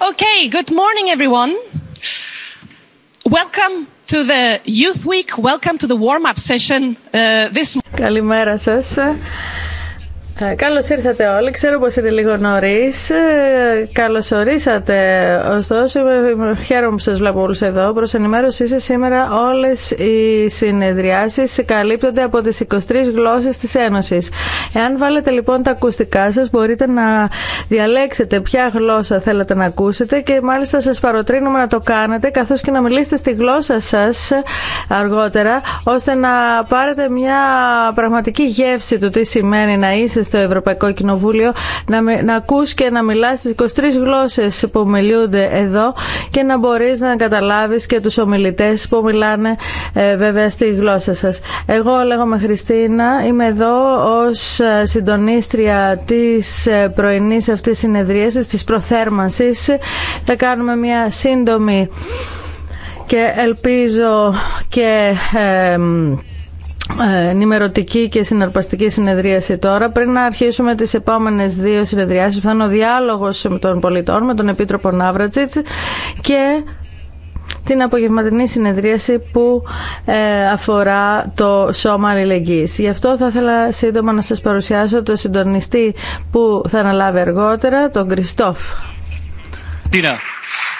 Okay, good morning everyone. Welcome to the Youth Week. Welcome to the warm-up session this Καλημέρα σας. Ε, Καλώ ήρθατε όλοι. Ξέρω πώ είναι λίγο νωρί. Ε, καλώς ορίσατε. Ωστόσο, χαίρομαι που σα βλέπω όλου εδώ. προ ενημέρωσή σας, σήμερα όλε οι συνεδριάσει καλύπτονται από τι 23 γλώσσε τη Ένωση. Εάν βάλετε λοιπόν τα ακουστικά σα, μπορείτε να διαλέξετε ποια γλώσσα θέλετε να ακούσετε και μάλιστα σα παροτρύνουμε να το κάνετε, καθώ και να μιλήσετε στη γλώσσα σα αργότερα, ώστε να πάρετε μια πραγματική γεύση του τι σημαίνει να είστε στο Ευρωπαϊκό Κοινοβούλιο να, να ακούς και να μιλάς στις 23 γλώσσες που μιλούνται εδώ και να μπορείς να καταλάβεις και τους ομιλητές που μιλάνε ε, βέβαια στη γλώσσα σας. Εγώ λέγομαι Χριστίνα, είμαι εδώ ως ε, συντονίστρια της ε, πρωινής αυτής συνεδρίασης, της προθέρμανσης. Θα κάνουμε μια σύντομη και ελπίζω και... Ε, ε, ενημερωτική και συναρπαστική συνεδρίαση τώρα. Πριν να αρχίσουμε τις επόμενες δύο συνεδριάσεις θα είναι ο διάλογος των πολιτών με τον Επίτροπο και την απογευματινή συνεδρίαση που ε, αφορά το σώμα αλληλεγγύης. Γι' αυτό θα ήθελα σύντομα να σας παρουσιάσω τον συντονιστή που θα αναλάβει αργότερα, τον Κριστόφ. Τίνα.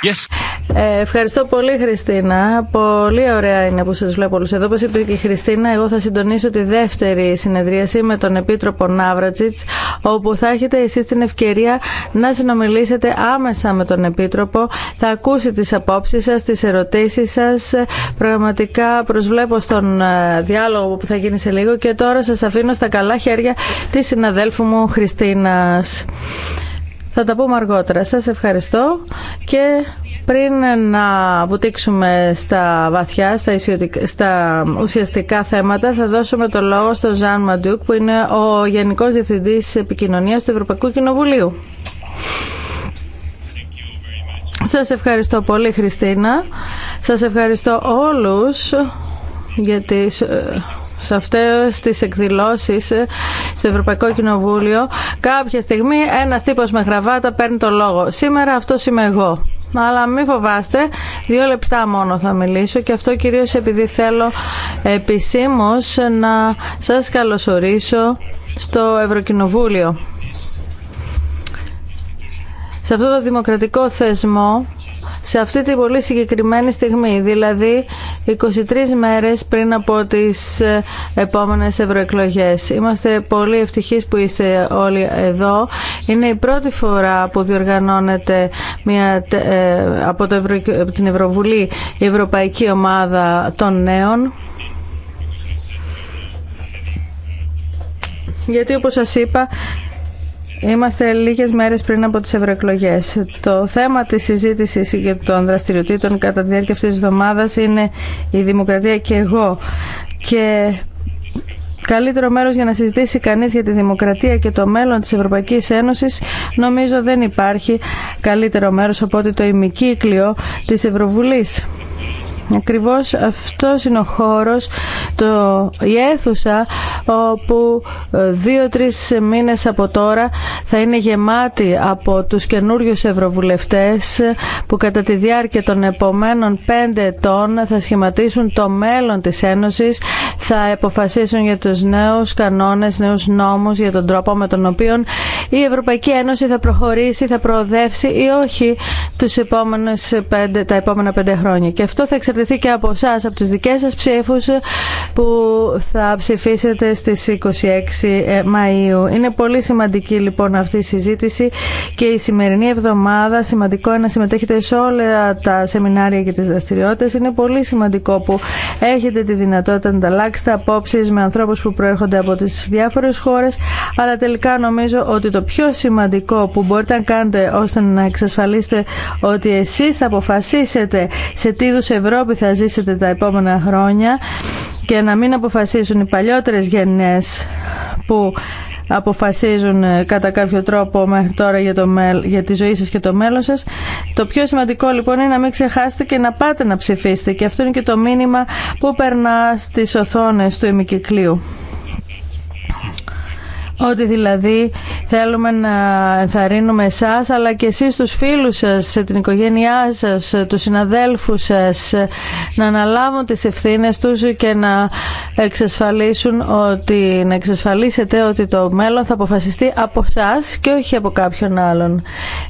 Yes. Ε, ευχαριστώ πολύ Χριστίνα. Πολύ ωραία είναι που σα βλέπω όλου εδώ. όπω είπε και η Χριστίνα, εγώ θα συντονίσω τη δεύτερη συνεδρίαση με τον Επίτροπο Ναύρατζιτ, όπου θα έχετε εσεί την ευκαιρία να συνομιλήσετε άμεσα με τον Επίτροπο. Θα ακούσει τι απόψει σα, τι ερωτήσει σα. Πραγματικά προσβλέπω στον ε, διάλογο που θα γίνει σε λίγο και τώρα σα αφήνω στα καλά χέρια τη συναδέλφου μου Χριστίνας. Θα τα πούμε αργότερα. Σας ευχαριστώ και πριν να βουτήξουμε στα βαθιά, στα, στα ουσιαστικά θέματα, θα δώσουμε το λόγο στον Ζαν Μαντούκ, που είναι ο Γενικός Διευθυντής Επικοινωνίας του Ευρωπαϊκού Κοινοβουλίου. Σας ευχαριστώ πολύ, Χριστίνα. Σας ευχαριστώ όλους για τις ε, σε αυτές τις εκδηλώσεις στο Ευρωπαϊκό Κοινοβούλιο κάποια στιγμή ένας τύπος με γραβάτα παίρνει το λόγο. Σήμερα αυτό είμαι εγώ. Αλλά μην φοβάστε, δύο λεπτά μόνο θα μιλήσω και αυτό κυρίως επειδή θέλω επισήμως να σας καλωσορίσω στο Ευρωκοινοβούλιο. Σε αυτό το δημοκρατικό θεσμό σε αυτή την πολύ συγκεκριμένη στιγμή, δηλαδή 23 μέρες πριν από τις ε, επόμενες ευρωεκλογές. Είμαστε πολύ ευτυχείς που είστε όλοι εδώ. Είναι η πρώτη φορά που διοργανώνεται μια, ε, από, από την Ευρωβουλή η Ευρωπαϊκή Ομάδα των Νέων. Γιατί όπως σας είπα Είμαστε λίγες μέρες πριν από τις ευρωεκλογέ. Το θέμα της συζήτηση και των δραστηριοτήτων κατά τη διάρκεια αυτή τη εβδομάδα είναι η δημοκρατία και εγώ. Και Καλύτερο μέρος για να συζητήσει κανείς για τη δημοκρατία και το μέλλον της Ευρωπαϊκής Ένωσης νομίζω δεν υπάρχει καλύτερο μέρος από ότι το ημικύκλιο της Ευρωβουλής. Ακριβώς αυτό είναι ο χώρος, το, η αίθουσα όπου ε, δύο-τρεις μήνες από τώρα θα είναι γεμάτη από τους καινούριους ευρωβουλευτές που κατά τη διάρκεια των επομένων πέντε ετών θα σχηματίσουν το μέλλον της Ένωσης, θα αποφασίσουν για τους νέους κανόνες, νέους νόμους, για τον τρόπο με τον οποίο η Ευρωπαϊκή Ένωση θα προχωρήσει, θα προοδεύσει ή όχι τους πέντε, τα επόμενα πέντε χρόνια. Και αυτό θα εξαρτηθεί και από εσά, από τι δικέ σα ψήφους που θα ψηφίσετε στι 26 ε, Μαΐου. Είναι πολύ σημαντική λοιπόν αυτή η συζήτηση και η σημερινή εβδομάδα σημαντικό είναι να συμμετέχετε σε όλα τα σεμινάρια και τι δραστηριότητε. Είναι πολύ σημαντικό που έχετε τη δυνατότητα να ανταλλάξετε απόψει με ανθρώπου που προέρχονται από τι διάφορε χώρε, αλλά τελικά νομίζω ότι το πιο σημαντικό που μπορείτε να κάνετε ώστε να εξασφαλίσετε ότι εσεί θα αποφασίσετε σε τι είδου Ευρώπη που θα ζήσετε τα επόμενα χρόνια και να μην αποφασίσουν οι παλιότερες γενιές που αποφασίζουν ε, κατά κάποιο τρόπο μέχρι τώρα για, το, για τη ζωή σας και το μέλλον σας. Το πιο σημαντικό λοιπόν είναι να μην ξεχάσετε και να πάτε να ψηφίσετε και αυτό είναι και το μήνυμα που περνά στις οθόνες του ημικυκλίου. Ότι δηλαδή θέλουμε να ενθαρρύνουμε εσά, αλλά και εσείς τους φίλους σας, την οικογένειά σας, τους συναδέλφους σας, να αναλάβουν τις ευθύνες τους και να εξασφαλίσουν ότι, να εξασφαλίσετε ότι το μέλλον θα αποφασιστεί από εσά και όχι από κάποιον άλλον.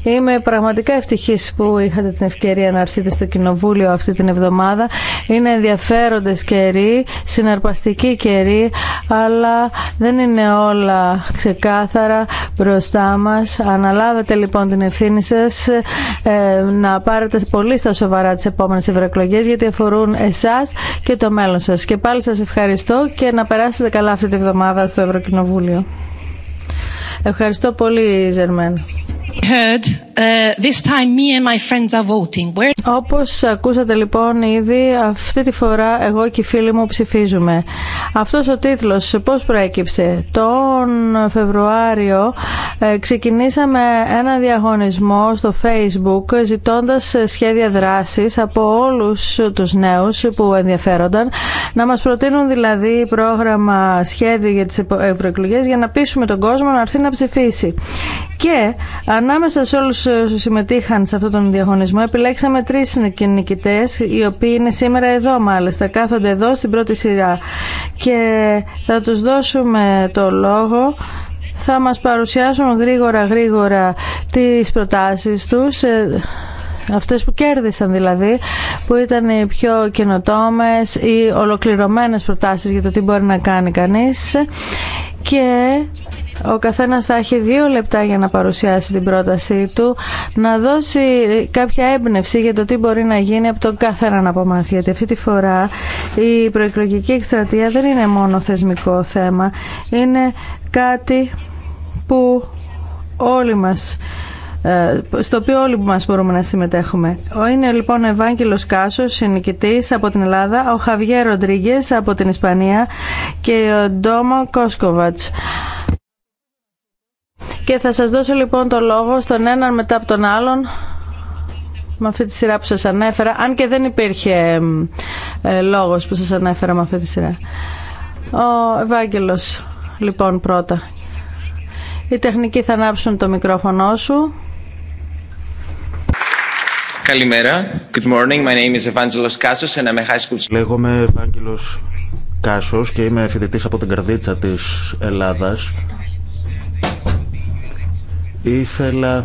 Είμαι πραγματικά ευτυχής που είχατε την ευκαιρία να έρθετε στο Κοινοβούλιο αυτή την εβδομάδα. Είναι ενδιαφέροντες καιροί, συναρπαστικοί καιροί, αλλά δεν είναι όλα ξεκάθαρα μπροστά μας. Αναλάβετε λοιπόν την ευθύνη σας ε, να πάρετε πολύ στα σοβαρά τις επόμενες ευρωεκλογές γιατί αφορούν εσάς και το μέλλον σας. Και πάλι σας ευχαριστώ και να περάσετε καλά αυτή τη εβδομάδα στο Ευρωκοινοβούλιο. Ευχαριστώ πολύ Ζερμέν. Ε, this time voting. Όπως ακούσατε λοιπόν ήδη, αυτή τη φορά εγώ και οι φίλοι μου ψηφίζουμε. Αυτός ο τίτλος πώς προέκυψε. Τον Φεβρουάριο ε, ξεκινήσαμε ένα διαγωνισμό στο Facebook ζητώντας σχέδια δράσης από όλους τους νέους που ενδιαφέρονταν να μας προτείνουν δηλαδή πρόγραμμα σχέδιο για τις ευρωεκλογές για να πείσουμε τον κόσμο να έρθει να ψηφίσει. Και ανάμεσα σε όλους συμμετείχαν σε αυτόν τον διαγωνισμό. Επιλέξαμε τρεις νικητές, οι οποίοι είναι σήμερα εδώ μάλιστα, κάθονται εδώ στην πρώτη σειρά. Και θα τους δώσουμε το λόγο θα μας παρουσιάσουν γρήγορα γρήγορα τις προτάσεις τους ε, αυτές που κέρδισαν δηλαδή, που ήταν οι πιο καινοτόμες ή ολοκληρωμένες προτάσεις για το τι μπορεί να κάνει κανείς και ο καθένας θα έχει δύο λεπτά για να παρουσιάσει την πρότασή του, να δώσει κάποια έμπνευση για το τι μπορεί να γίνει από τον καθέναν από εμά. Γιατί αυτή τη φορά η προεκλογική εκστρατεία δεν είναι μόνο θεσμικό θέμα, είναι κάτι που όλοι μας ε, στο οποίο όλοι μας μπορούμε να συμμετέχουμε. είναι λοιπόν ο Ευάγγελος Κάσος, συνοικητής από την Ελλάδα, ο Χαβιέ Ροντρίγκε από την Ισπανία και ο Ντόμα Κόσκοβατς. Και θα σας δώσω λοιπόν το λόγο στον έναν μετά από τον άλλον με αυτή τη σειρά που σας ανέφερα, αν και δεν υπήρχε ε, λόγος που σας ανέφερα με αυτή τη σειρά. Ο Ευάγγελος, λοιπόν, πρώτα. Οι τεχνικοί θα ανάψουν το μικρόφωνο σου. Καλημέρα. Good morning. My name is Evangelos Kassos and I'm a high school Λέγομαι Ευάγγελος Κάσος και είμαι φοιτητής από την καρδίτσα της Ελλάδας. Ήθελα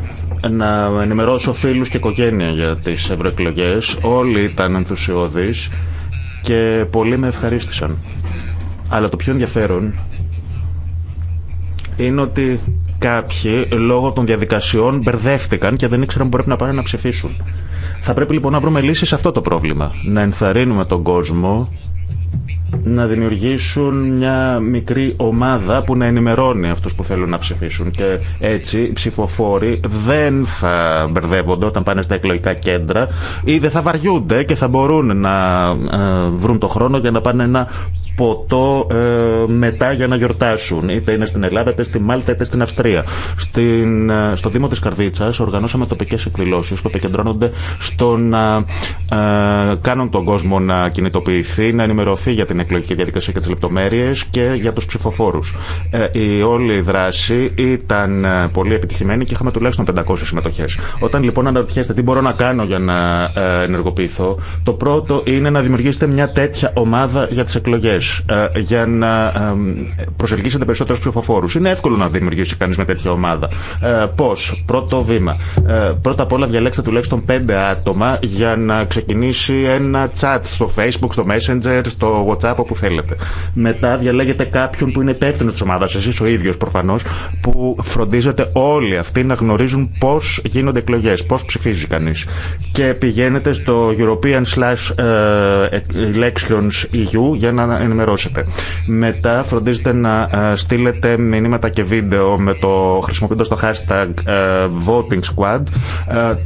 να ενημερώσω φίλους και οικογένεια για τις ευρωεκλογέ. Όλοι ήταν ενθουσιώδεις και πολλοί με ευχαρίστησαν. Αλλά το πιο ενδιαφέρον είναι ότι κάποιοι λόγω των διαδικασιών μπερδεύτηκαν και δεν ήξεραν που πρέπει να πάνε να ψηφίσουν. Θα πρέπει λοιπόν να βρούμε λύσεις σε αυτό το πρόβλημα. Να ενθαρρύνουμε τον κόσμο να δημιουργήσουν μια μικρή ομάδα που να ενημερώνει αυτούς που θέλουν να ψηφίσουν και έτσι οι ψηφοφόροι δεν θα μπερδεύονται όταν πάνε στα εκλογικά κέντρα ή δεν θα βαριούνται και θα μπορούν να ε, βρουν το χρόνο για να πάνε ένα ποτό ε, μετά για να γιορτάσουν. Είτε είναι στην Ελλάδα, είτε στη Μάλτα, είτε στην Αυστρία. Στην, ε, στο Δήμο τη Καρδίτσα οργανώσαμε τοπικέ εκδηλώσει που επικεντρώνονται στο να κάνουν τον κόσμο να κινητοποιηθεί, να ενημερωθεί για την εκλογική διαδικασία και τι λεπτομέρειε και για του ψηφοφόρου. Ε, η όλη δράση ήταν ε, πολύ επιτυχημένη και είχαμε τουλάχιστον 500 συμμετοχέ. Όταν λοιπόν αναρωτιέστε τι μπορώ να κάνω για να ε, ενεργοποιηθώ, το πρώτο είναι να δημιουργήσετε μια τέτοια ομάδα για τι εκλογέ, για να προσελκύσετε περισσότερου ψηφοφόρου. Είναι εύκολο να δημιουργήσει κανεί με τέτοια ομάδα. Πώ, πρώτο βήμα. Πρώτα απ' όλα διαλέξτε τουλάχιστον 5 άτομα για να ξεκινήσει ένα chat στο Facebook, στο Messenger, στο WhatsApp από όπου θέλετε. Μετά διαλέγετε κάποιον που είναι υπεύθυνο τη ομάδα, εσεί ο ίδιο προφανώ, που φροντίζετε όλοι αυτοί να γνωρίζουν πώ γίνονται εκλογέ, πώ ψηφίζει κανεί. Και πηγαίνετε στο European slash ε, elections EU για να ενημερώσετε. Μετά φροντίζετε να ε, στείλετε μηνύματα και βίντεο με το, χρησιμοποιώντα το hashtag ε, voting squad.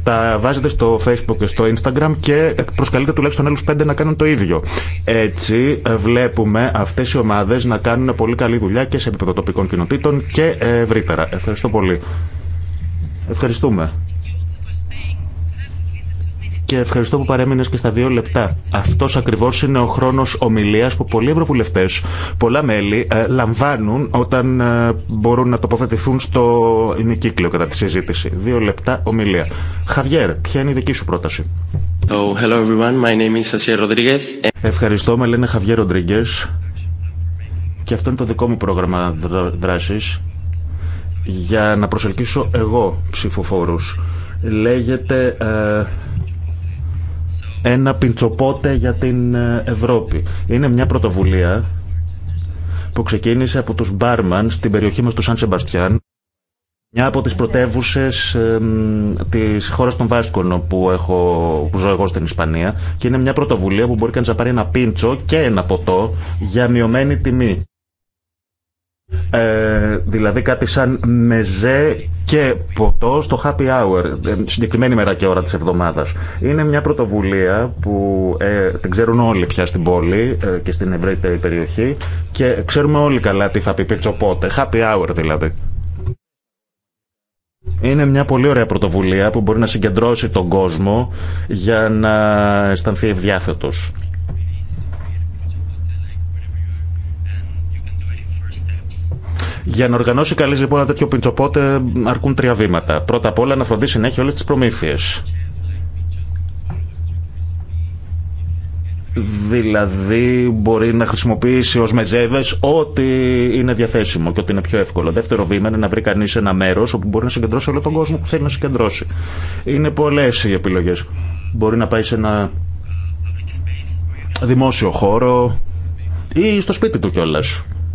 τα βάζετε στο facebook και στο instagram και προσκαλείτε τουλάχιστον άλλου πέντε να κάνουν το ίδιο. Έτσι βλέπουμε αυτέ οι ομάδε να κάνουν πολύ καλή δουλειά και σε επίπεδο τοπικών κοινοτήτων και ευρύτερα. Ευχαριστώ πολύ. Ευχαριστούμε. Και ευχαριστώ που παρέμεινε και στα δύο λεπτά. Αυτό ακριβώ είναι ο χρόνο ομιλία που πολλοί ευρωβουλευτέ, πολλά μέλη ε, λαμβάνουν όταν ε, μπορούν να τοποθετηθούν στο ημικύκλιο κατά τη συζήτηση. Δύο λεπτά ομιλία. Χαβιέρ, ποια είναι η δική σου πρόταση. Ευχαριστώ, με λένε Χαβιέ Ροντρίγκε και αυτό είναι το δικό μου πρόγραμμα δράσης για να προσελκύσω εγώ ψηφοφόρους. Λέγεται ε, ένα πιντσοπότε για την ε, Ευρώπη. Είναι μια πρωτοβουλία που ξεκίνησε από τους μπάρμαν στην περιοχή μας του Σαν Σεμπαστιάν μια από τις πρωτεύουσε ε, της χώρας των Βάσκων που, έχω, που ζω εγώ στην Ισπανία και είναι μια πρωτοβουλία που μπορεί κανείς να πάρει ένα πίντσο και ένα ποτό για μειωμένη τιμή. Ε, δηλαδή κάτι σαν μεζέ και ποτό στο happy hour, ε, συγκεκριμένη μέρα και ώρα της εβδομάδας. Είναι μια πρωτοβουλία που ε, την ξέρουν όλοι πια στην πόλη ε, και στην ευρύτερη περιοχή και ξέρουμε όλοι καλά τι θα πει πίτσο πότε, happy hour δηλαδή. Είναι μια πολύ ωραία πρωτοβουλία που μπορεί να συγκεντρώσει τον κόσμο για να αισθανθεί ευδιάθετο. Για να οργανώσει καλή λοιπόν ένα τέτοιο πιντσοπότε αρκούν τρία βήματα. Πρώτα απ' όλα να φροντίσει να έχει όλε τι προμήθειε. Δηλαδή μπορεί να χρησιμοποιήσει ως μεζέδες ό,τι είναι διαθέσιμο και ό,τι είναι πιο εύκολο. Δεύτερο βήμα είναι να βρει κανείς ένα μέρος όπου μπορεί να συγκεντρώσει όλο τον κόσμο που θέλει να συγκεντρώσει. Είναι πολλές οι επιλογές. Μπορεί να πάει σε ένα δημόσιο χώρο ή στο σπίτι του κιόλα.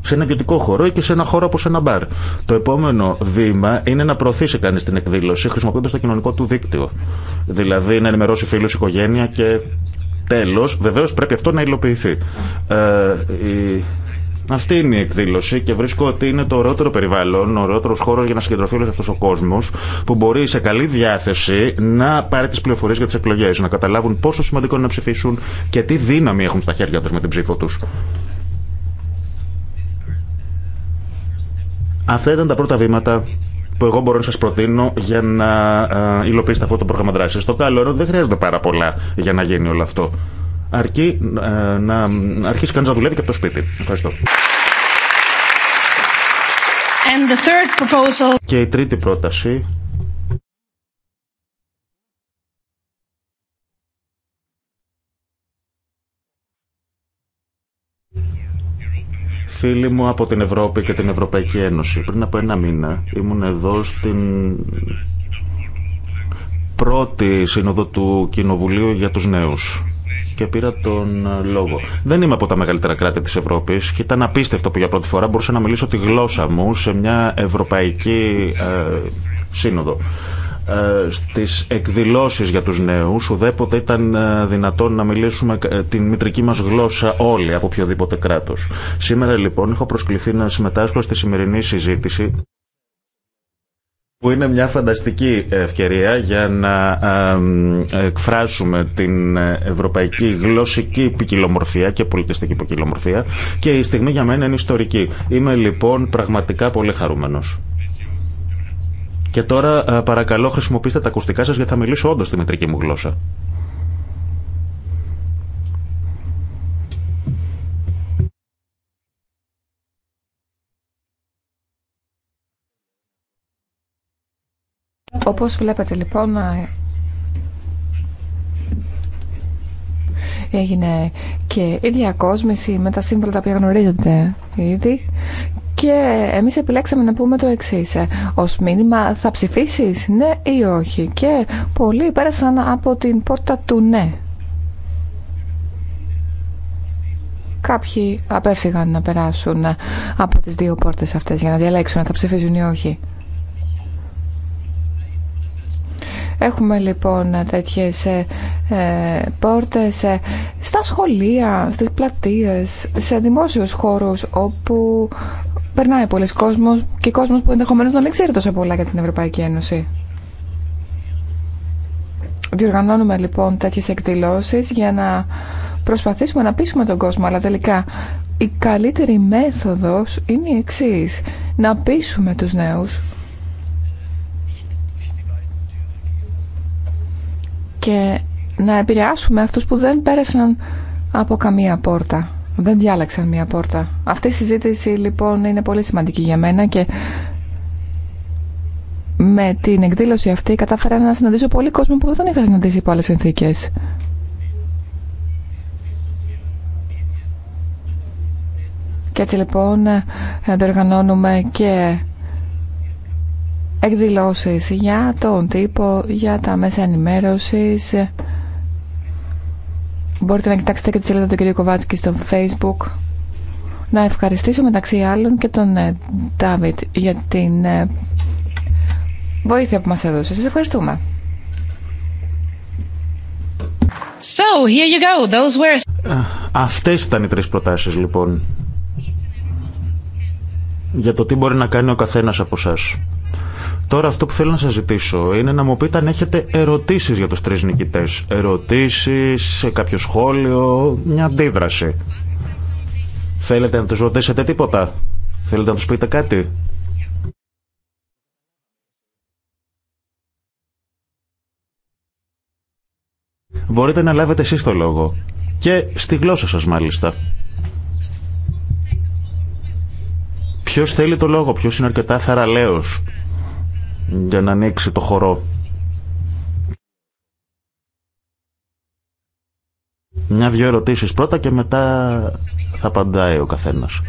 Σε ένα ιδιωτικό χώρο ή και σε ένα χώρο όπω ένα μπαρ. Το επόμενο βήμα είναι να προωθήσει κανεί την εκδήλωση χρησιμοποιώντα το κοινωνικό του δίκτυο. Δηλαδή να ενημερώσει φίλου, οικογένεια και Τέλος, βεβαίω πρέπει αυτό να υλοποιηθεί. Ε, Αυτή είναι η εκδήλωση και βρίσκω ότι είναι το ωραιότερο περιβάλλον, ο ωραιότερο χώρο για να συγκεντρωθεί όλο αυτό ο κόσμο που μπορεί σε καλή διάθεση να πάρει τι πληροφορίε για τι εκλογέ, να καταλάβουν πόσο σημαντικό είναι να ψηφίσουν και τι δύναμη έχουν στα χέρια του με την ψήφο του. Αυτά ήταν τα πρώτα βήματα που εγώ μπορώ να σα προτείνω για να ε, υλοποιήσετε αυτό το πρόγραμμα δράση. Στο καλό δεν χρειάζεται πάρα πολλά για να γίνει όλο αυτό. Αρκεί ε, να αρχίσει κανεί να δουλεύει και από το σπίτι. Ευχαριστώ. Και η τρίτη πρόταση φίλοι μου από την Ευρώπη και την Ευρωπαϊκή Ένωση. Πριν από ένα μήνα ήμουν εδώ στην πρώτη σύνοδο του Κοινοβουλίου για τους νέους και πήρα τον λόγο. Δεν είμαι από τα μεγαλύτερα κράτη της Ευρώπης και ήταν απίστευτο που για πρώτη φορά μπορούσα να μιλήσω τη γλώσσα μου σε μια ευρωπαϊκή ε, σύνοδο. Ε, στις εκδηλώσεις για τους νέους ουδέποτε ήταν ε, δυνατόν να μιλήσουμε ε, την μητρική μας γλώσσα όλοι από οποιοδήποτε κράτος. Σήμερα λοιπόν έχω προσκληθεί να συμμετάσχω στη σημερινή συζήτηση που είναι μια φανταστική ευκαιρία για να εκφράσουμε την ευρωπαϊκή γλωσσική ποικιλομορφία και πολιτιστική ποικιλομορφία και η στιγμή για μένα είναι ιστορική. Είμαι λοιπόν πραγματικά πολύ χαρούμενος. Και τώρα ε, παρακαλώ χρησιμοποιήστε τα ακουστικά σας γιατί θα μιλήσω όντως τη μετρική μου γλώσσα. Όπως βλέπετε λοιπόν Έγινε και η διακόσμηση με τα σύμβολα τα οποία γνωρίζετε ήδη. Και εμείς επιλέξαμε να πούμε το εξή. Ε, ως μήνυμα θα ψηφίσεις ναι ή όχι. Και πολλοί πέρασαν από την πόρτα του ναι. Κάποιοι απέφυγαν να περάσουν από τις δύο πόρτες αυτές για να διαλέξουν αν θα ψηφίζουν ή όχι. Έχουμε λοιπόν τέτοιες ε, ε πόρτες ε, στα σχολεία, στις πλατείες, σε δημόσιους χώρους όπου περνάει πολλοί κόσμος και κόσμος που ενδεχομένως να μην ξέρει τόσο πολλά για την Ευρωπαϊκή Ένωση. Διοργανώνουμε λοιπόν τέτοιες εκδηλώσεις για να προσπαθήσουμε να πείσουμε τον κόσμο, αλλά τελικά η καλύτερη μέθοδος είναι η εξής, να πείσουμε τους νέους και να επηρεάσουμε αυτούς που δεν πέρασαν από καμία πόρτα. Δεν διάλεξαν μία πόρτα. Αυτή η συζήτηση λοιπόν είναι πολύ σημαντική για μένα και με την εκδήλωση αυτή κατάφερα να συναντήσω πολύ κόσμο που δεν είχα συναντήσει υπό άλλες συνθήκες. Και έτσι λοιπόν διοργανώνουμε ε, και εκδηλώσεις για τον τύπο, για τα μέσα ενημέρωσης. Μπορείτε να κοιτάξετε και τη σελίδα του κ. Κοβάτσκι στο facebook. Να ευχαριστήσω μεταξύ άλλων και τον ε, Ντάβιτ για την ε, βοήθεια που μας έδωσε. Σας ευχαριστούμε. So, here you go. Those were... Ε, αυτές ήταν οι τρεις προτάσεις λοιπόν για το τι μπορεί να κάνει ο καθένας από εσάς. Τώρα αυτό που θέλω να σας ζητήσω είναι να μου πείτε αν έχετε ερωτήσεις για τους τρεις νικητές. Ερωτήσεις, κάποιο σχόλιο, μια αντίδραση. Θέλετε να τους ρωτήσετε τίποτα. Θέλετε να τους πείτε κάτι. Μπορείτε να λάβετε εσείς το λόγο. Και στη γλώσσα σας μάλιστα. Ποιος θέλει το λόγο, ποιος είναι αρκετά θαραλέος για να ανοίξει το χορό. Μια-δυο ερωτήσεις πρώτα και μετά θα απαντάει ο καθένας.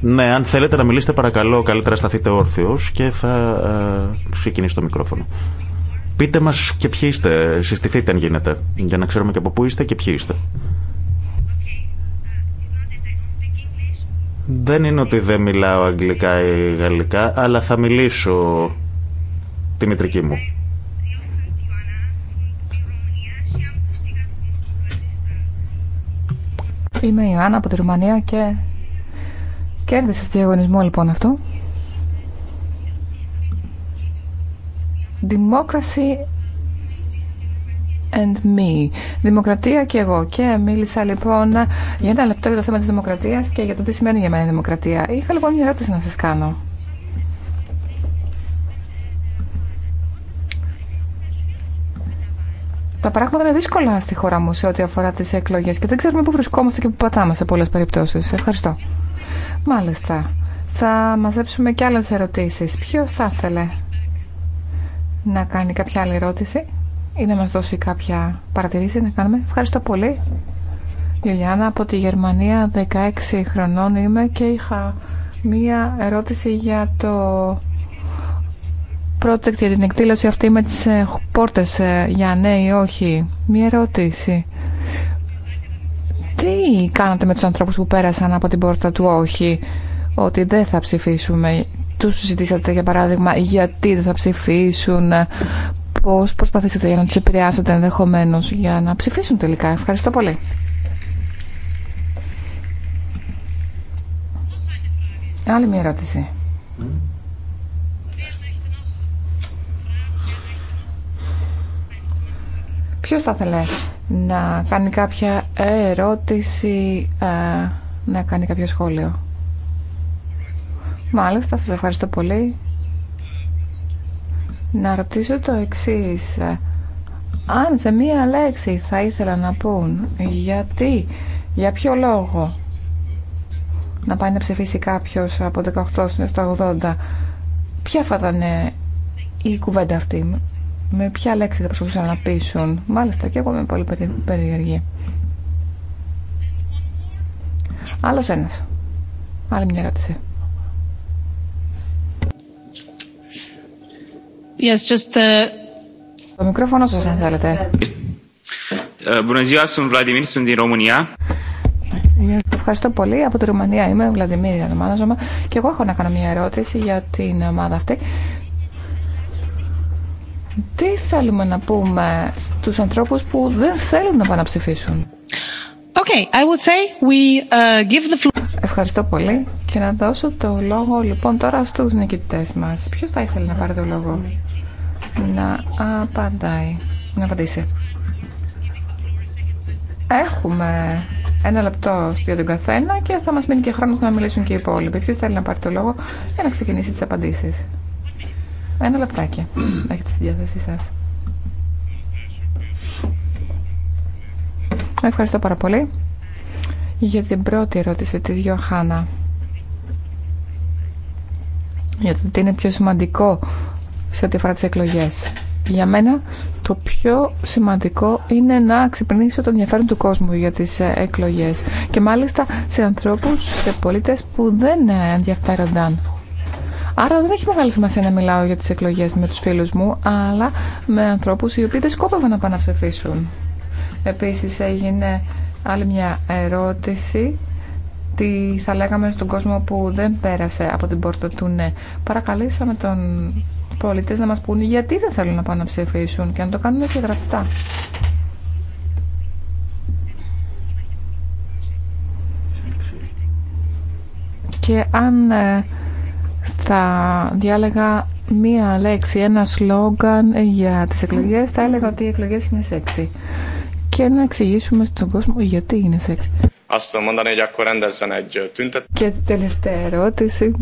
Ναι, αν θέλετε να μιλήσετε παρακαλώ καλύτερα σταθείτε όρθιος και θα ξεκινήσει το μικρόφωνο. Πείτε μας και ποιοι είστε, συστηθείτε αν γίνεται, για να ξέρουμε και από πού είστε και ποιοι είστε. Δεν είναι ότι δεν μιλάω αγγλικά ή γαλλικά, αλλά θα μιλήσω τη μητρική μου. Είμαι η Ιωάννα από τη Ρουμανία και κέρδισα στο διαγωνισμό λοιπόν αυτό. Democracy and me. Δημοκρατία και εγώ. Και μίλησα λοιπόν για ένα λεπτό για το θέμα τη δημοκρατία και για το τι σημαίνει για μένα η δημοκρατία. Είχα λοιπόν μια ερώτηση να σα κάνω. Τα πράγματα είναι δύσκολα στη χώρα μου σε ό,τι αφορά τι εκλογέ. και δεν ξέρουμε πού βρισκόμαστε και πού πατάμε σε πολλέ περιπτώσει. Ευχαριστώ. Μάλιστα. Θα μαζέψουμε και άλλε ερωτήσει. Ποιο θα ήθελε να κάνει κάποια άλλη ερώτηση ή να μας δώσει κάποια παρατηρήση να κάνουμε. Ευχαριστώ πολύ. Γιουλιάνα, από τη Γερμανία, 16 χρονών είμαι και είχα μία ερώτηση για το project για την εκδήλωση αυτή με τις ε, πόρτες ε, για ναι ή όχι. Μία ερώτηση. Τι κάνατε με τους ανθρώπους που πέρασαν από την πόρτα του όχι, ότι δεν θα ψηφίσουμε. Τους συζητήσατε για παράδειγμα γιατί δεν θα ψηφίσουν, πώς προσπαθήσατε για να του επηρεάσετε ενδεχομένω για να ψηφίσουν τελικά. Ευχαριστώ πολύ. Άλλη μια ερώτηση. Mm. Ποιος θα ήθελε να κάνει κάποια ερώτηση, ε, να κάνει κάποιο σχόλιο. Μάλιστα, σας ευχαριστώ πολύ να ρωτήσω το εξή. Αν σε μία λέξη θα ήθελα να πούν γιατί, για ποιο λόγο να πάει να ψηφίσει κάποιος από 18 στο 80, ποια θα ήταν η κουβέντα αυτή, με ποια λέξη θα προσπαθούσαν να πείσουν. Μάλιστα και εγώ είμαι πολύ περίεργη. Άλλος ένας. Άλλη μια ερώτηση. Uh, το μικρόφωνο σας αν θέλετε. Ε, Ευχαριστώ πολύ. Από τη Ρουμανία είμαι, Βλαντιμίρη ονομάζομαι. Και εγώ έχω να κάνω μια ερώτηση για την ομάδα αυτή. Τι θέλουμε να πούμε στους ανθρώπους που δεν θέλουν να παναψηφίσουν. Okay, I uh, floor. Ευχαριστώ πολύ και να δώσω το λόγο λοιπόν τώρα στους νικητές μας. Ποιος θα ήθελε να πάρει το λόγο να απαντάει, να απαντήσει. Έχουμε ένα λεπτό για τον καθένα και θα μας μείνει και χρόνος να μιλήσουν και οι υπόλοιποι. Ποιος θέλει να πάρει το λόγο για να ξεκινήσει τις απαντήσεις. Ένα λεπτάκι έχετε στη διάθεσή σας. Ευχαριστώ πάρα πολύ για την πρώτη ερώτηση της Γιωχάννα για το τι είναι πιο σημαντικό σε ό,τι αφορά τι εκλογές. Για μένα το πιο σημαντικό είναι να ξυπνήσω το ενδιαφέρον του κόσμου για τις ε, εκλογές και μάλιστα σε ανθρώπους, σε πολίτες που δεν ε, ενδιαφέρονταν. Άρα δεν έχει μεγάλη σημασία να μιλάω για τις εκλογές με τους φίλους μου, αλλά με ανθρώπους οι οποίοι δεν σκόπευαν να πάνε να Επίσης έγινε άλλη μια ερώτηση τι θα λέγαμε στον κόσμο που δεν πέρασε από την πόρτα του ναι. παρακαλήσαμε τον πολίτες να μας πούν γιατί δεν θέλουν να πάνε να ψηφίσουν και να το κάνουν και γραπτά. Και αν ε, θα διάλεγα μία λέξη, ένα σλόγγαν ε, για τις εκλογές, θα έλεγα ότι οι εκλογές είναι σεξι. Και να εξηγήσουμε στον κόσμο γιατί είναι σεξι. Και τελευταία ερώτηση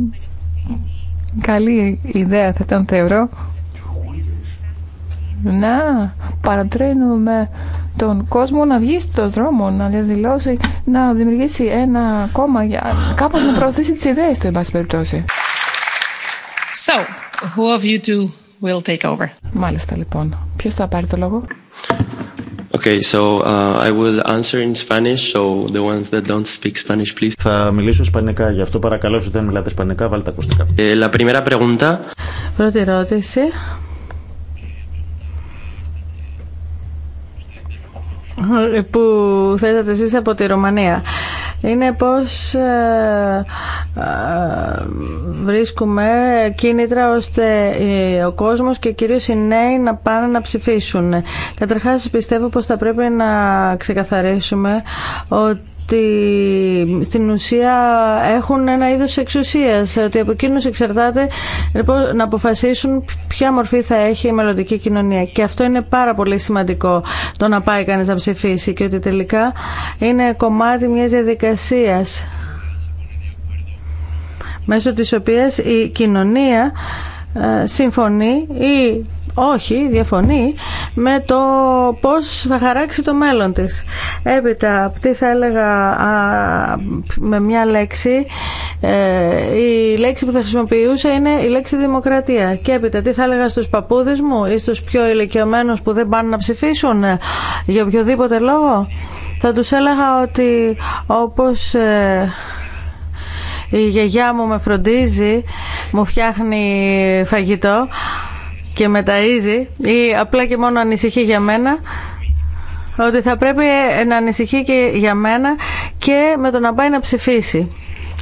Καλή ιδέα θα τον θεωρώ να παρατρένουμε τον κόσμο να βγει στον δρόμο, να διαδηλώσει, να δημιουργήσει ένα κόμμα για κάπως να προωθήσει τις ιδέες του, εν πάση περιπτώσει. So, who of you two will take over? Μάλιστα, λοιπόν. Ποιος θα πάρει το λόγο? Okay, so uh, I will answer in Spanish, so the ones that don't speak Spanish, please. Θα μιλήσω ισπανικά, γι' αυτό παρακαλώ όσοι δεν μιλάτε ισπανικά, βάλτε ακουστικά. Ε, la primera pregunta. Πρώτη ερώτηση. που θέσατε εσείς από τη Ρωμανία είναι πως ε, ε, βρίσκουμε κίνητρα ώστε ε, ο κόσμος και κυρίως οι νέοι να πάνε να ψηφίσουν. Καταρχάς πιστεύω πως θα πρέπει να ξεκαθαρίσουμε ότι ότι στην ουσία έχουν ένα είδος εξουσίας, ότι από εκείνους εξαρτάται λοιπόν, να αποφασίσουν ποια μορφή θα έχει η μελλοντική κοινωνία. Και αυτό είναι πάρα πολύ σημαντικό το να πάει κανείς να ψηφίσει και ότι τελικά είναι κομμάτι μιας διαδικασίας μέσω της οποίας η κοινωνία ε, συμφωνεί ή όχι, διαφωνεί με το πώς θα χαράξει το μέλλον της. Έπειτα, τι θα έλεγα με μια λέξη, ε, η λέξη που θα χρησιμοποιούσα είναι η λέξη δημοκρατία. Και έπειτα, τι θα έλεγα στους παππούδες μου ή στους πιο ηλικιωμένους που δεν πάνε να ψηφίσουν ε, για οποιοδήποτε λόγο. Θα τους έλεγα ότι όπως... Ε, η γιαγιά μου με φροντίζει, μου φτιάχνει φαγητό και με ή απλά και μόνο ανησυχεί για μένα ότι θα πρέπει να ανησυχεί και για μένα και με το να πάει να ψηφίσει.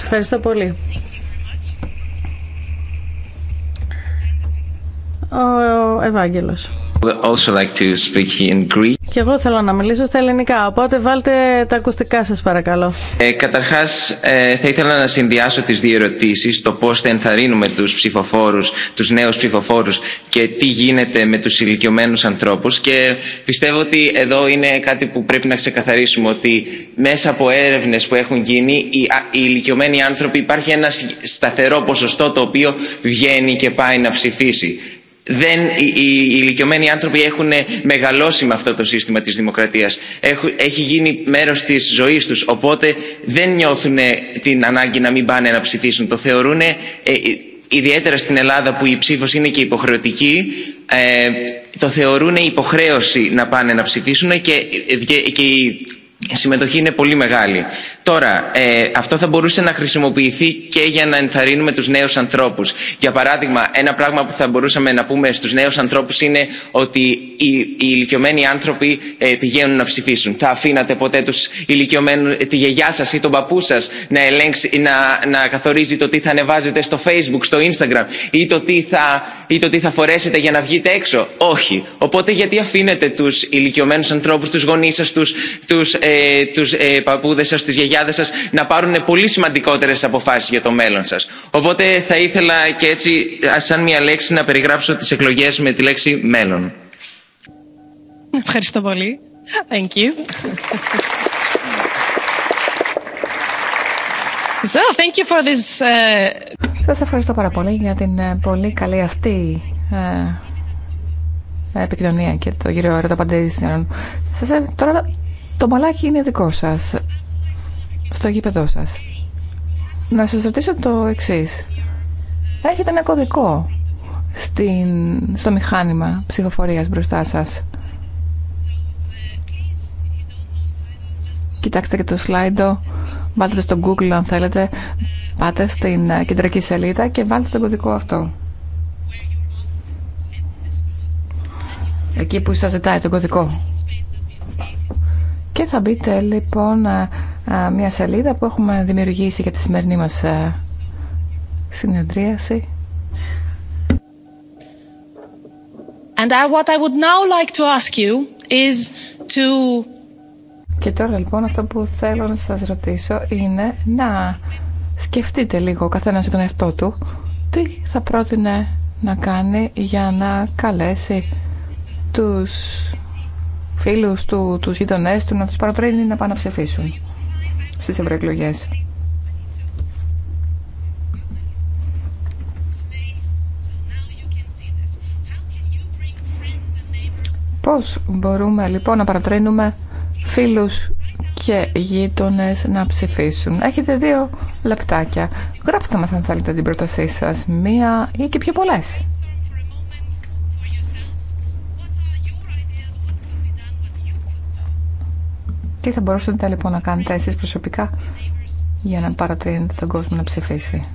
Ευχαριστώ πολύ. Ο Ευάγγελος. Και εγώ θέλω να μιλήσω στα ελληνικά, οπότε βάλτε τα ακουστικά σας παρακαλώ. Ε, καταρχάς, ε, θα ήθελα να συνδυάσω τις δύο ερωτήσεις, το πώς θα ενθαρρύνουμε τους ψηφοφόρους, τους νέους ψηφοφόρους και τι γίνεται με τους ηλικιωμένους ανθρώπους και πιστεύω ότι εδώ είναι κάτι που πρέπει να ξεκαθαρίσουμε ότι μέσα από έρευνες που έχουν γίνει οι, οι ηλικιωμένοι άνθρωποι υπάρχει ένα σταθερό ποσοστό το οποίο βγαίνει και πάει να ψηφίσει δεν, οι, οι ηλικιωμένοι άνθρωποι έχουν μεγαλώσει με αυτό το σύστημα της δημοκρατίας. έχει γίνει μέρος της ζωής τους, οπότε δεν νιώθουν ε, την ανάγκη να μην πάνε να ψηφίσουν. Το θεωρούν, ε, ε, ιδιαίτερα στην Ελλάδα που η ψήφος είναι και υποχρεωτική, ε, το θεωρούν υποχρέωση να πάνε να ψηφίσουν και, και η συμμετοχή είναι πολύ μεγάλη. Τώρα, ε, αυτό θα μπορούσε να χρησιμοποιηθεί και για να ενθαρρύνουμε τους νέους ανθρώπους. Για παράδειγμα, ένα πράγμα που θα μπορούσαμε να πούμε στους νέους ανθρώπους είναι ότι οι, οι ηλικιωμένοι άνθρωποι ε, πηγαίνουν να ψηφίσουν. Θα αφήνατε ποτέ τους ηλικιωμένους, τη γιαγιά σας ή τον παππού σας να, ελέγξει, να, να καθορίζει το τι θα ανεβάζετε στο facebook, στο instagram ή το, τι θα, ή το τι θα φορέσετε για να βγείτε έξω. Όχι. Οπότε γιατί αφήνετε τους ηλικιωμένους ανθρώπους, τους γονείς σας, τους, ε, τους ε, παππούδες σας, τις γιαγιάδες σας να πάρουν πολύ σημαντικότερες αποφάσεις για το μέλλον σας. Οπότε θα ήθελα και έτσι σαν μια λέξη να περιγράψω τις εκλογές με τη λέξη μέλλον. Ευχαριστώ πολύ. Thank you. So, thank you for this, ε, Σας ευχαριστώ πάρα πολύ για την ε, πολύ καλή αυτή επικοινωνία και το γύρο ερωταπαντήσεων. Σας, τώρα το μπαλάκι είναι δικό σας, στο γήπεδό σας. Να σας ρωτήσω το εξής. Έχετε ένα κωδικό στην, στο μηχάνημα ψηφοφορίας μπροστά σας. Κοιτάξτε και το σλάιντο, βάλτε το στο Google αν θέλετε, πάτε στην ε, κεντρική σελίδα και βάλτε τον κωδικό αυτό. Εκεί που σας ζητάει τον κωδικό. Και θα μπείτε λοιπόν ε, ε, μια σελίδα που έχουμε δημιουργήσει για τη σημερινή μας ε, συνεδρίαση. And what I would now like to ask you is to... Και τώρα λοιπόν αυτό που θέλω να σας ρωτήσω είναι να σκεφτείτε λίγο ο καθένας τον εαυτό του τι θα πρότεινε να κάνει για να καλέσει τους φίλους του, τους γείτονε του, να τους παροτρύνει να πάνε να ψηφίσουν στις ευρωεκλογέ. Πώς μπορούμε λοιπόν να παρατρένουμε φίλους και γείτονες να ψηφίσουν. Έχετε δύο λεπτάκια. Γράψτε μας αν θέλετε την πρότασή σας, μία ή και πιο πολλές. Τι θα μπορούσατε λοιπόν να κάνετε εσείς προσωπικά για να παρατρύνετε τον κόσμο να ψηφίσει.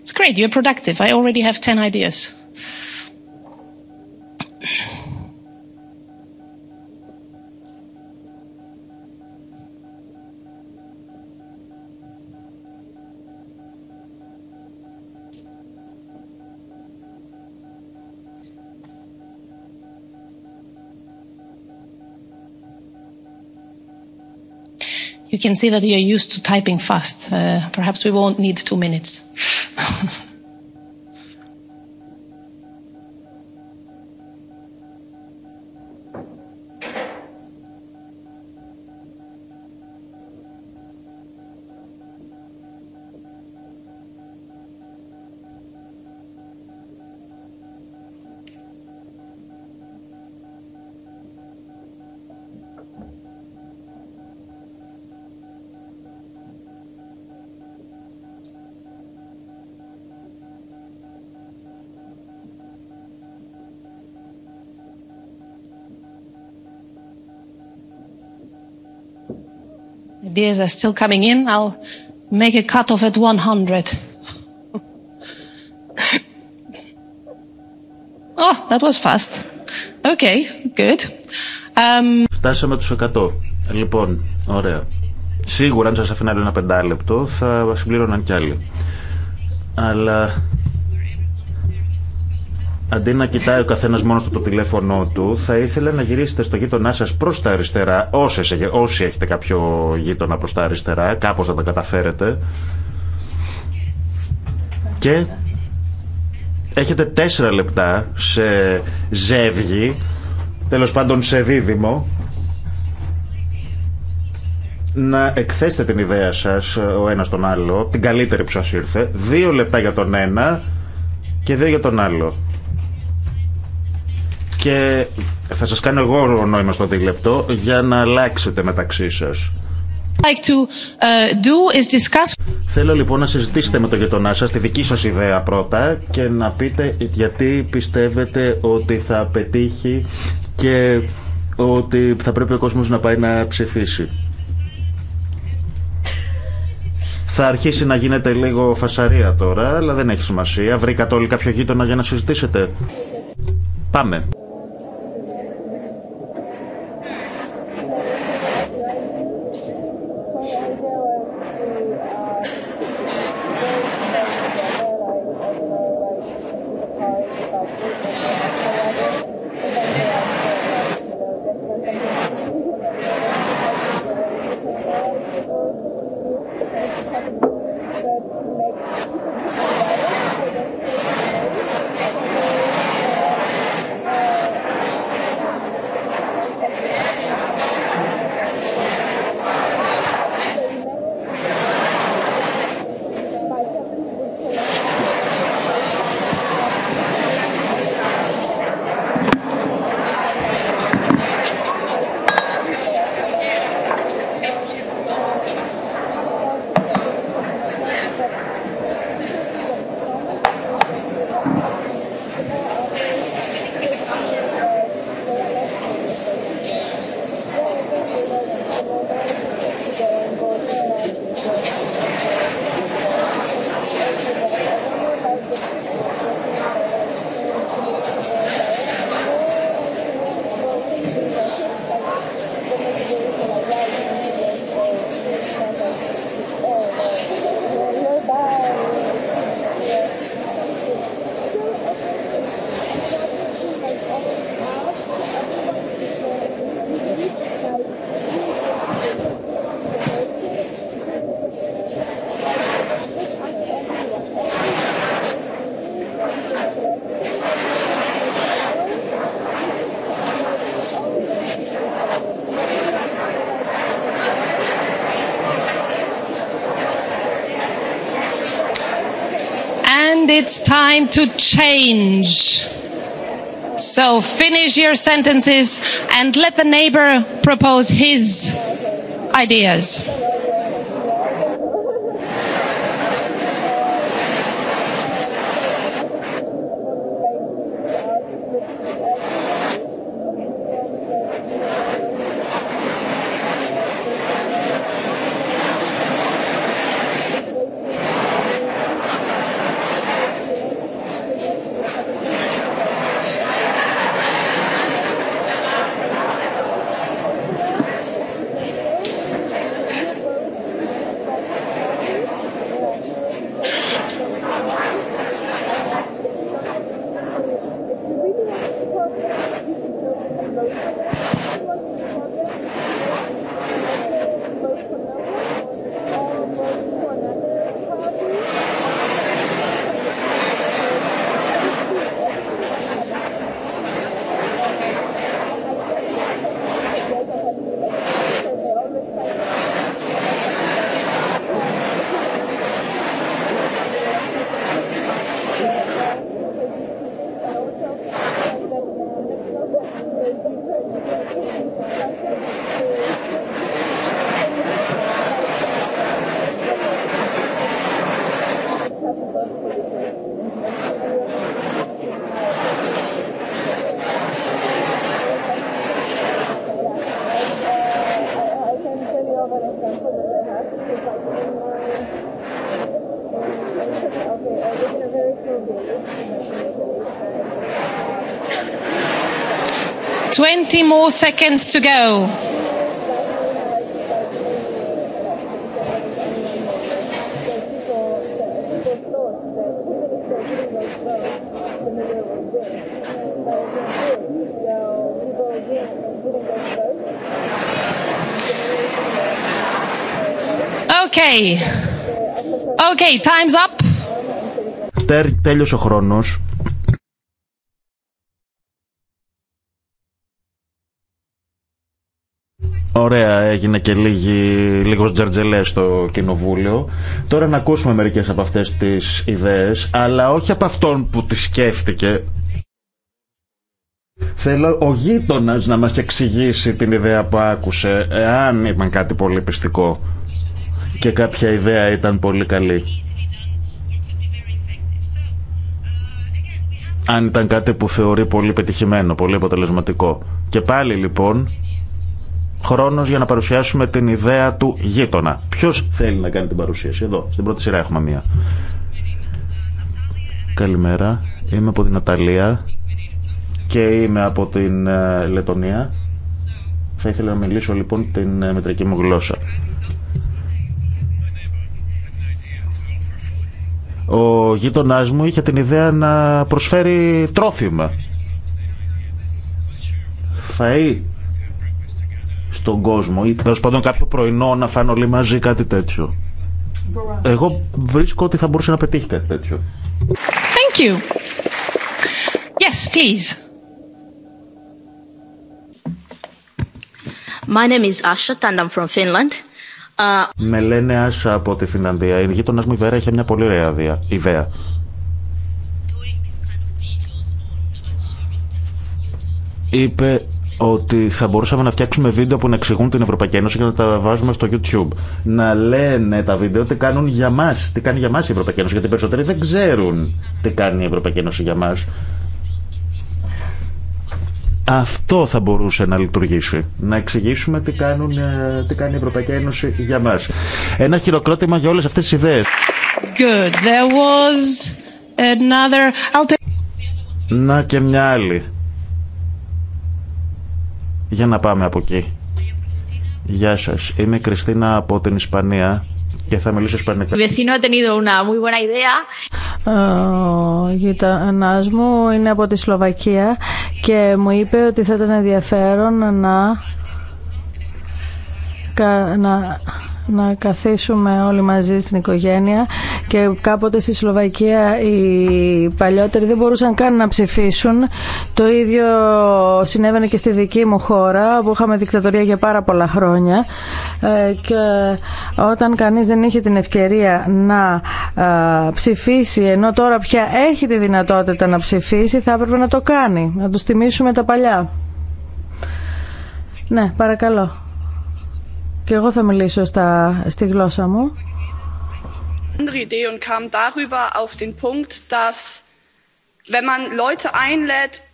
It's great, you're productive. I already have 10 ideas. you can see that you're used to typing fast. Perhaps we won't need two minutes. ideas are still 100. Um, Φτάσαμε τους 100. Λοιπόν, ωραία. Σίγουρα αν σας αφήνω ένα πεντάλεπτο θα συμπλήρωναν κι άλλοι. Αλλά Αντί να κοιτάει ο καθένα μόνο στο το τηλέφωνό του, θα ήθελα να γυρίσετε στο γείτονά σα προ τα αριστερά, όσες, όσοι έχετε κάποιο γείτονα προ τα αριστερά, κάπω θα τα καταφέρετε. Και έχετε τέσσερα λεπτά σε ζεύγη, τέλο πάντων σε δίδυμο, να εκθέσετε την ιδέα σας ο ένας τον άλλο, την καλύτερη που σας ήρθε, δύο λεπτά για τον ένα και δύο για τον άλλο και θα σας κάνω εγώ νόημα στο δίλεπτο για να αλλάξετε μεταξύ σας. Like to, uh, do is discuss... Θέλω λοιπόν να συζητήσετε με τον γειτονά σας τη δική σας ιδέα πρώτα και να πείτε γιατί πιστεύετε ότι θα πετύχει και ότι θα πρέπει ο κόσμος να πάει να ψηφίσει. Θα αρχίσει να γίνεται λίγο φασαρία τώρα, αλλά δεν έχει σημασία. Βρήκατε όλοι κάποιο γείτονα για να συζητήσετε. Πάμε. it's time to change. So finish your sentences and let the neighbor propose his ideas. 20 more seconds to go. Okay. Okay, time's up. Τέλειωσε ο χρόνος. έγινε και λίγη, λίγος τζερτζελέ στο κοινοβούλιο. Τώρα να ακούσουμε μερικές από αυτές τις ιδέες, αλλά όχι από αυτόν που τη σκέφτηκε. Θέλω ο γείτονα να μας εξηγήσει την ιδέα που άκουσε, εάν ήταν κάτι πολύ πιστικό και κάποια ιδέα ήταν πολύ καλή. αν ήταν κάτι που θεωρεί πολύ πετυχημένο, πολύ αποτελεσματικό. Και πάλι λοιπόν χρόνο για να παρουσιάσουμε την ιδέα του γείτονα. Ποιο θέλει να κάνει την παρουσίαση, εδώ, στην πρώτη σειρά έχουμε μία. Καλημέρα, είμαι από την Αταλία και είμαι από την ε, Λετωνία. Θα ήθελα να μιλήσω λοιπόν την ε, μετρική μου γλώσσα. Ο γείτονά μου είχε την ιδέα να προσφέρει τρόφιμα. Φαΐ στον κόσμο ή τέλο πάντων κάποιο πρωινό να φάνε όλοι μαζί κάτι τέτοιο. Εγώ βρίσκω ότι θα μπορούσε να πετύχει κάτι τέτοιο. Thank you. Yes, please. My name is Asha and I'm from Finland. Uh... Με λένε Άσα από τη Φινλανδία. Η γείτονα μου η Βέρα είχε μια πολύ ωραία ιδέα. Uh, Είπε ότι θα μπορούσαμε να φτιάξουμε βίντεο που να εξηγούν την Ευρωπαϊκή Ένωση και να τα βάζουμε στο YouTube. Να λένε τα βίντεο τι κάνουν για μα, τι κάνει για μα η Ευρωπαϊκή Ένωση, γιατί περισσότεροι δεν ξέρουν τι κάνει η Ευρωπαϊκή Ένωση για μα. Αυτό θα μπορούσε να λειτουργήσει. Να εξηγήσουμε τι, κάνουν, ε, τι κάνει η Ευρωπαϊκή Ένωση για μα. Ένα χειροκρότημα για όλε αυτέ τι ιδέε. Να και μια άλλη. Για να πάμε από εκεί. Γεια σα. Είμαι η Κριστίνα από την Ισπανία και θα μιλήσω Ισπανικά. Ο vecino ha tenido una muy buena ε, Ο γειτονά μου είναι από τη Σλοβακία και μου είπε ότι θα ήταν ενδιαφέρον να, να να καθίσουμε όλοι μαζί στην οικογένεια και κάποτε στη Σλοβακία οι παλιότεροι δεν μπορούσαν καν να ψηφίσουν. Το ίδιο συνέβαινε και στη δική μου χώρα όπου είχαμε δικτατορία για πάρα πολλά χρόνια ε, και όταν κανείς δεν είχε την ευκαιρία να ε, ψηφίσει ενώ τώρα πια έχει τη δυνατότητα να ψηφίσει θα έπρεπε να το κάνει, να του τιμήσουμε τα παλιά. Ναι, παρακαλώ. Και εγώ θα μιλήσω στα, στη γλώσσα μου.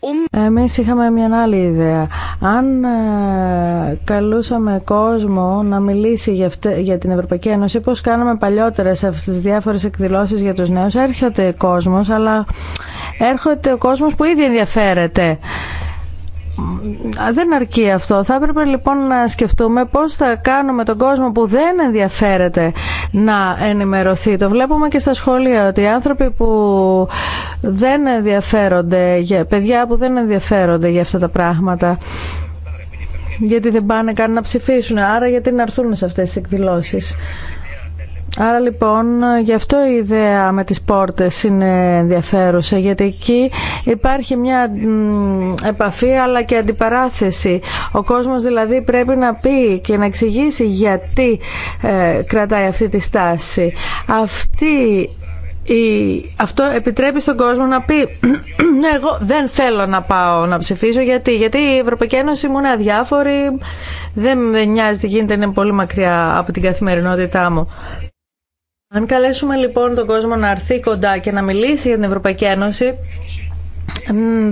Um Εμεί είχαμε μια άλλη ιδέα. Αν ε, καλούσαμε κόσμο να μιλήσει για, την Ευρωπαϊκή Ένωση, όπως κάναμε παλιότερα σε αυτές τις διάφορες εκδηλώσεις για τους νέους, έρχεται κόσμος, αλλά έρχεται ο κόσμος που ήδη ενδιαφέρεται δεν αρκεί αυτό. Θα έπρεπε λοιπόν να σκεφτούμε πώς θα κάνουμε τον κόσμο που δεν ενδιαφέρεται να ενημερωθεί. Το βλέπουμε και στα σχολεία ότι οι άνθρωποι που δεν ενδιαφέρονται, παιδιά που δεν ενδιαφέρονται για αυτά τα πράγματα, γιατί δεν πάνε καν να ψηφίσουν, άρα γιατί να έρθουν σε αυτές τις εκδηλώσεις. Άρα λοιπόν γι' αυτό η ιδέα με τις πόρτες είναι ενδιαφέρουσα γιατί εκεί υπάρχει μια επαφή αλλά και αντιπαράθεση. Ο κόσμος δηλαδή πρέπει να πει και να εξηγήσει γιατί ε, κρατάει αυτή τη στάση. Αυτή η... Αυτό επιτρέπει στον κόσμο να πει ναι, εγώ δεν θέλω να πάω να ψηφίσω γιατί, γιατί η Ευρωπαϊκή Ένωση μου είναι αδιάφορη, δεν νοιάζει τι γίνεται, είναι πολύ μακριά από την καθημερινότητά μου. Αν καλέσουμε λοιπόν τον κόσμο να έρθει κοντά και να μιλήσει για την Ευρωπαϊκή Ένωση,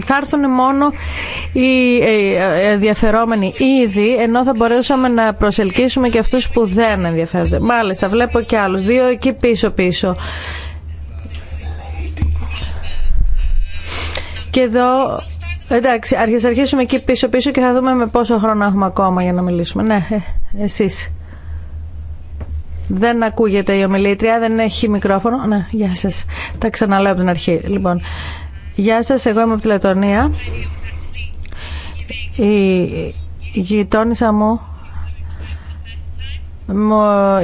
θα έρθουν μόνο οι ε, ε, ενδιαφερόμενοι ήδη, ενώ θα μπορέσαμε να προσελκύσουμε και αυτούς που δεν ενδιαφέρονται. Μάλιστα, βλέπω και άλλους. Δύο εκεί πίσω-πίσω. Και εδώ... Εντάξει, αρχίσουμε εκεί πίσω-πίσω και θα δούμε με πόσο χρόνο έχουμε ακόμα για να μιλήσουμε. Ναι, ε, εσείς. Δεν ακούγεται η ομιλήτρια, δεν έχει μικρόφωνο. Ναι, γεια σας. Τα ξαναλέω από την αρχή. Λοιπόν, γεια σας, εγώ είμαι από τη Λετωνία. Η γειτόνισσα μου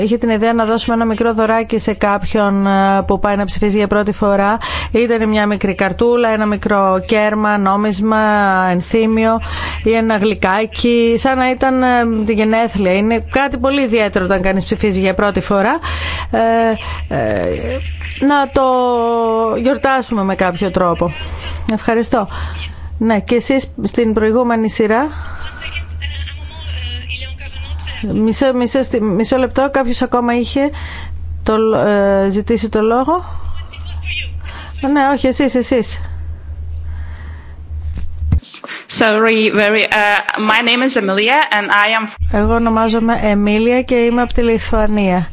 είχε την ιδέα να δώσουμε ένα μικρό δωράκι σε κάποιον ε, που πάει να ψηφίζει για πρώτη φορά. Ήταν μια μικρή καρτούλα, ένα μικρό κέρμα, νόμισμα, ενθύμιο ή ένα γλυκάκι, σαν να ήταν ε, τη γενέθλια. Είναι κάτι πολύ ιδιαίτερο όταν κανείς ψηφίζει για πρώτη φορά. Ε, να το γιορτάσουμε με κάποιο τρόπο. Ευχαριστώ. Ναι, και εσείς στην προηγούμενη σειρά. Μισό, λεπτό, κάποιο ακόμα είχε ε, ζητήσει το λόγο. Ναι, όχι, εσεί, εσεί. Sorry, very, uh, my name is Emilia and I am... Εγώ ονομάζομαι Εμίλια και είμαι από τη Λιθουανία.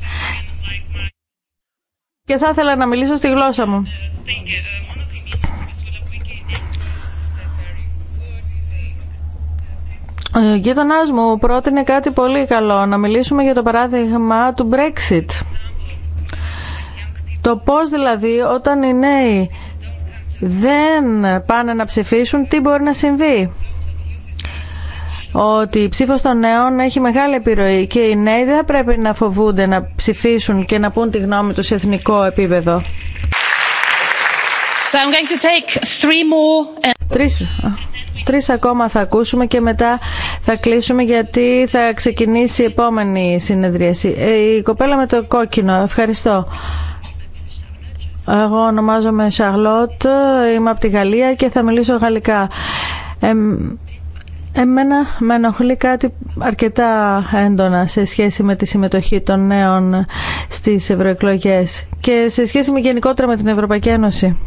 Και θα ήθελα να μιλήσω στη γλώσσα μου. Ε, γείτονά μου πρότεινε κάτι πολύ καλό, να μιλήσουμε για το παράδειγμα του Brexit. Το πώς δηλαδή όταν οι νέοι δεν πάνε να ψηφίσουν, τι μπορεί να συμβεί. Ότι η ψήφος των νέων έχει μεγάλη επιρροή και οι νέοι δεν πρέπει να φοβούνται να ψηφίσουν και να πούν τη γνώμη τους σε εθνικό επίπεδο. Uh, Τρεις. Τρεις ακόμα θα ακούσουμε και μετά θα κλείσουμε γιατί θα ξεκινήσει η επόμενη συνεδρίαση. Ε, η κοπέλα με το κόκκινο. Ευχαριστώ. Εγώ ονομάζομαι Σαρλότ, είμαι από τη Γαλλία και θα μιλήσω γαλλικά. Ε, εμένα με ενοχλεί κάτι αρκετά έντονα σε σχέση με τη συμμετοχή των νέων στις ευρωεκλογέ και σε σχέση με γενικότερα με την Ευρωπαϊκή Ένωση.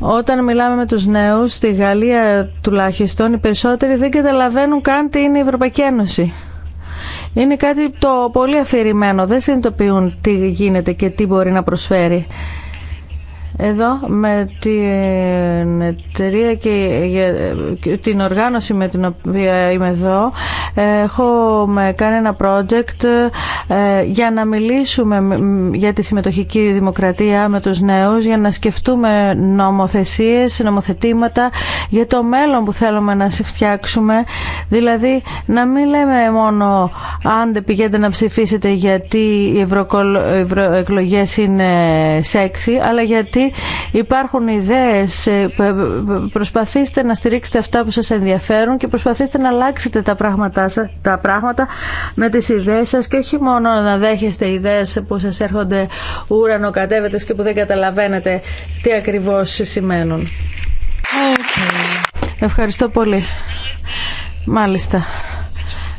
Όταν μιλάμε με τους νέους, στη Γαλλία τουλάχιστον, οι περισσότεροι δεν καταλαβαίνουν καν τι είναι η Ευρωπαϊκή Ένωση. Είναι κάτι το πολύ αφηρημένο. Δεν συνειδητοποιούν τι γίνεται και τι μπορεί να προσφέρει. Εδώ με την εταιρεία και την οργάνωση με την οποία είμαι εδώ έχω κάνει ένα project ε, για να μιλήσουμε για τη συμμετοχική δημοκρατία με τους νέους, για να σκεφτούμε νομοθεσίες, νομοθετήματα για το μέλλον που θέλουμε να φτιάξουμε. Δηλαδή να μην λέμε μόνο αν δεν πηγαίνετε να ψηφίσετε γιατί οι ευρωεκλογές είναι σεξι, αλλά γιατί Υπάρχουν ιδέες, ε, προσπαθήστε να στηρίξετε αυτά που σας ενδιαφέρουν και προσπαθήστε να αλλάξετε τα, πράγματα, τα πράγματα με τις ιδέες σας και όχι μόνο να δέχεστε ιδέες που σας έρχονται ούρανο κατέβετες και που δεν καταλαβαίνετε τι ακριβώς σημαίνουν. Okay. Ευχαριστώ πολύ. Μάλιστα.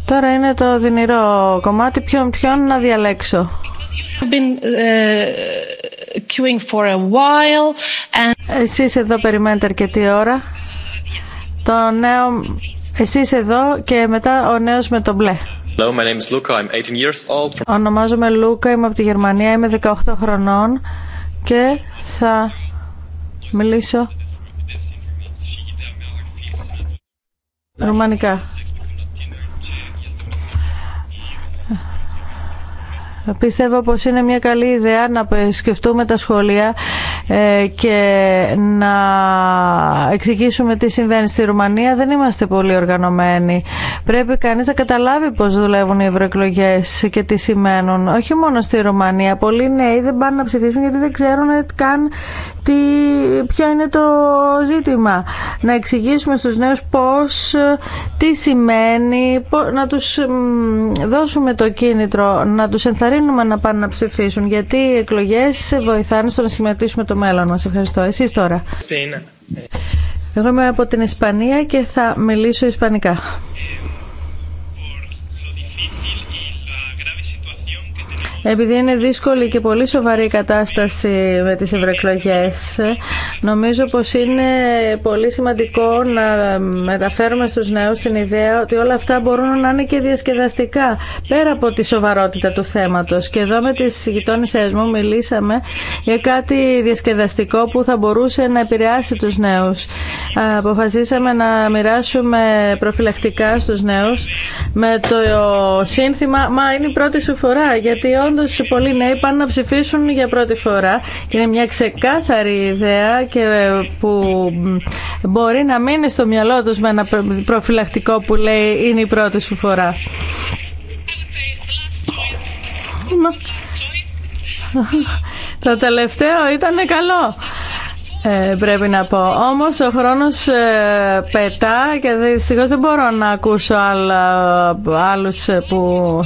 Τώρα είναι το δυνηρό κομμάτι. Ποιον, να διαλέξω queuing Εσείς εδώ περιμένετε αρκετή ώρα. Το νέο... Εσείς εδώ και μετά ο νέος με το μπλε. Hello, Ονομάζομαι Λούκα, είμαι από τη Γερμανία, είμαι 18 χρονών και θα μιλήσω ρουμανικά. Πιστεύω πως είναι μια καλή ιδέα να σκεφτούμε τα σχολεία ε, και να εξηγήσουμε τι συμβαίνει στη Ρουμανία δεν είμαστε πολύ οργανωμένοι. Πρέπει κανείς να καταλάβει πώς δουλεύουν οι ευρωεκλογέ και τι σημαίνουν. Όχι μόνο στη Ρουμανία. Πολλοί νέοι δεν πάνε να ψηφίσουν γιατί δεν ξέρουν καν τι, ποιο είναι το ζήτημα. Να εξηγήσουμε στους νέους πώς, τι σημαίνει, να τους δώσουμε το κίνητρο, να τους ενθαρρύνουμε να πάνε να ψηφίσουν γιατί οι εκλογές βοηθάνε στο να συμμετήσουμε το μέλλον μας. Ευχαριστώ. Εσείς τώρα. Εγώ είμαι από την Ισπανία και θα μιλήσω ισπανικά. επειδή είναι δύσκολη και πολύ σοβαρή η κατάσταση με τις ευρωεκλογέ. νομίζω πως είναι πολύ σημαντικό να μεταφέρουμε στους νέους την ιδέα ότι όλα αυτά μπορούν να είναι και διασκεδαστικά πέρα από τη σοβαρότητα του θέματος και εδώ με τις γειτόνισσές μου μιλήσαμε για κάτι διασκεδαστικό που θα μπορούσε να επηρεάσει τους νέους αποφασίσαμε να μοιράσουμε προφυλακτικά στους νέους με το σύνθημα «Μα είναι η πρώτη σου φορά» γιατί παρόντος πολλοί νέοι πάνε να ψηφίσουν για πρώτη φορά και είναι μια ξεκάθαρη ιδέα και ε, που μπορεί να μείνει στο μυαλό τους με ένα προφυλακτικό που λέει είναι η πρώτη σου φορά. Το τελευταίο ήταν καλό ε, πρέπει να πω. Όμως ο χρόνος ε, πετά και δυστυχώ δεν μπορώ να ακούσω άλλου άλλους που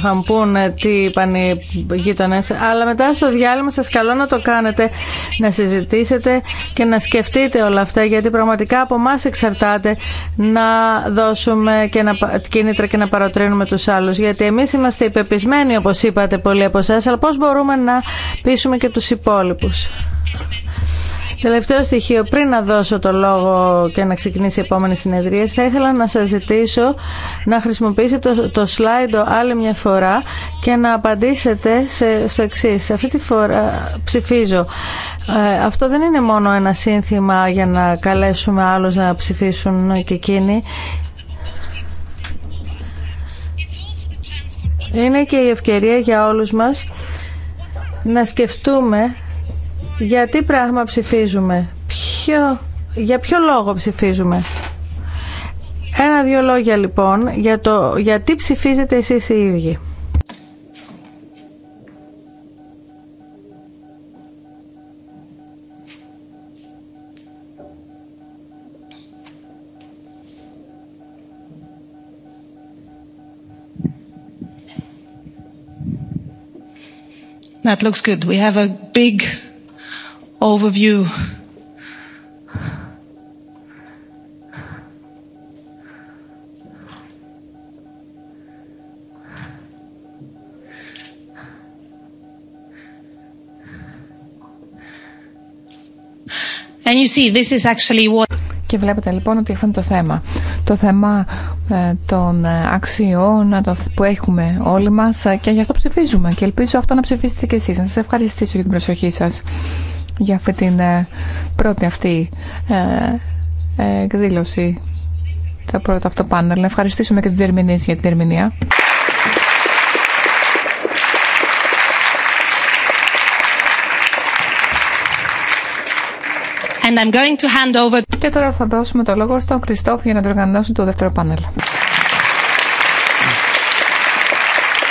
θα μου πούνε τι είπαν οι γείτονε. Αλλά μετά στο διάλειμμα σα καλώ να το κάνετε, να συζητήσετε και να σκεφτείτε όλα αυτά γιατί πραγματικά από εμά εξαρτάται να δώσουμε και να, κίνητρα και να παροτρύνουμε τους άλλους. Γιατί εμείς είμαστε υπεπισμένοι όπω είπατε πολλοί από εσά, αλλά πώ μπορούμε να πείσουμε και του υπόλοιπου. Τελευταίο στοιχείο, πριν να δώσω το λόγο και να ξεκινήσει η επόμενη συνεδρία, θα ήθελα να σας ζητήσω να χρησιμοποιήσετε το, το άλλη μια φορά και να απαντήσετε σε, στο εξή. Αυτή τη φορά ψηφίζω. Ε, αυτό δεν είναι μόνο ένα σύνθημα για να καλέσουμε άλλους να ψηφίσουν και εκείνοι. Είναι και η ευκαιρία για όλους μας να σκεφτούμε για τι πράγμα ψηφίζουμε, για ποιο λόγο ψηφίζουμε. Ένα-δύο λόγια λοιπόν για το γιατί ψηφίζετε εσείς οι ίδιοι. looks good. big overview. Και βλέπετε λοιπόν ότι αυτό είναι το θέμα. Το θέμα ε, των ε, αξιών που έχουμε όλοι μας ε, και γι' αυτό ψηφίζουμε. Και ελπίζω αυτό να ψηφίσετε και εσείς. Να σας ευχαριστήσω για την προσοχή σας για αυτή την ε, πρώτη αυτή ε, ε, εκδήλωση, το πρώτο αυτό πάνελ. ευχαριστήσουμε και τις ερμηνείς για την ερμηνεία. Και τώρα θα δώσουμε το λόγο στον Κριστόφ για να διοργανώσει το δεύτερο πάνελ.